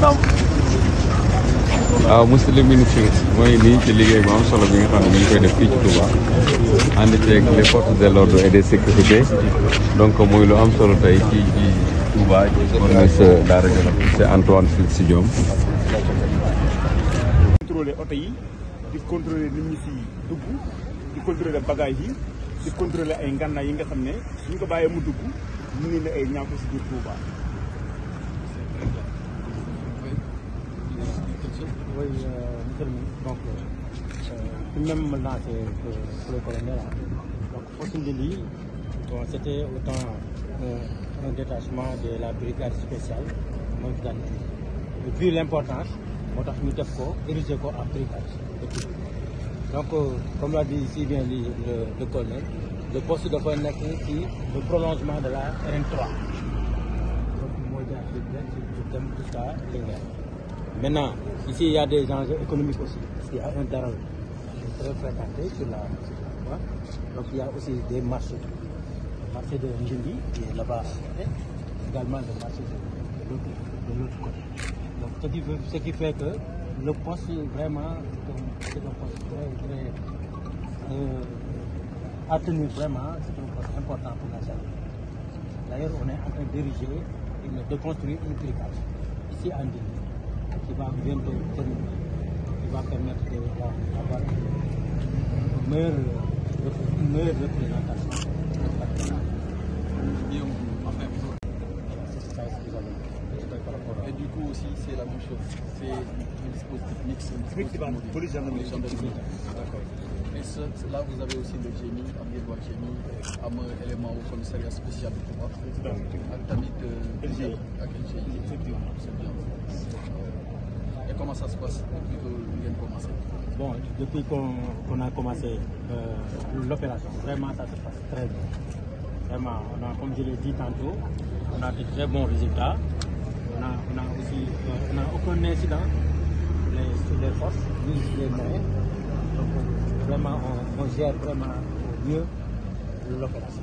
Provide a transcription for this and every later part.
waaw Muslim Ministries mooy nii ci liggéey bu am solo bi nga xam ne ñu ngi koy def fii ci Touba ànd ceeg les forces de de sécurité donc muy lu am solo tey ci ci Touba ci corniche Daara Jolof c'est Antoine Félix Diome contrôler oto yi di contrôler nit ñi si dugg di contrôler bagage yi di contrôler ay ngànnaay yi nga xam ne suñ ko bàyyee mu dugg mu ngi la ay ñàkk si biir Touba Oui, euh, donc, euh, euh, même maintenant pour le colonel. Donc, de l'île, c'était autant un détachement de la brigade spéciale, Et puis l'importance, on a ñu def ko érigé ko en brigade donc comme l'a dit ici bien le, le colonel le poste de est ici, le prolongement de la RN3 donc moi, mooy jaar ci ça ça Linguère Maintenant, ici, il y a des enjeux économiques aussi, parce qu'il y a un terrain très fréquenté sur la, voie. Donc, il y a aussi des marchés. Le marché de Ngindi, qui est là-bas, également le marché de, l'autre côté. Donc, ce qui, fait que le poste, vraiment, c'est un poste très, très euh, vraiment, c'est un poste important pour la salle. D'ailleurs, on est en train de diriger, de construire une tricage ici en Ngindi va bientôt terminer, qui va permettre d'avoir une meilleure, une meilleure représentation. Et du coup aussi c'est la même chose, c'est un dispositif mixte, un dispositif mobile. D'accord. Et ce, là vous avez aussi le GMI, Amirwa GMI, un élément au commissariat spécial de combat. Avec Tamit, euh, C'est bien comment ça se passe depuis que vous avez commencé Bon, depuis qu'on a commencé euh, l'opération, vraiment ça se passe très bien. Vraiment, on a, comme je l'ai dit tantôt, on a de très bons résultats. On n'a on a aussi euh, on a aucun incident sur les, forces, ni sur les moyens. Donc vraiment, on gère vraiment mieux l'opération.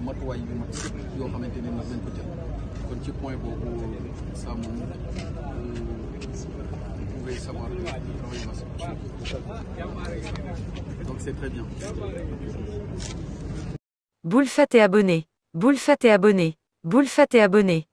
donc c'est très bien boule fat et abonné boule fat et abonné boule fat et abonné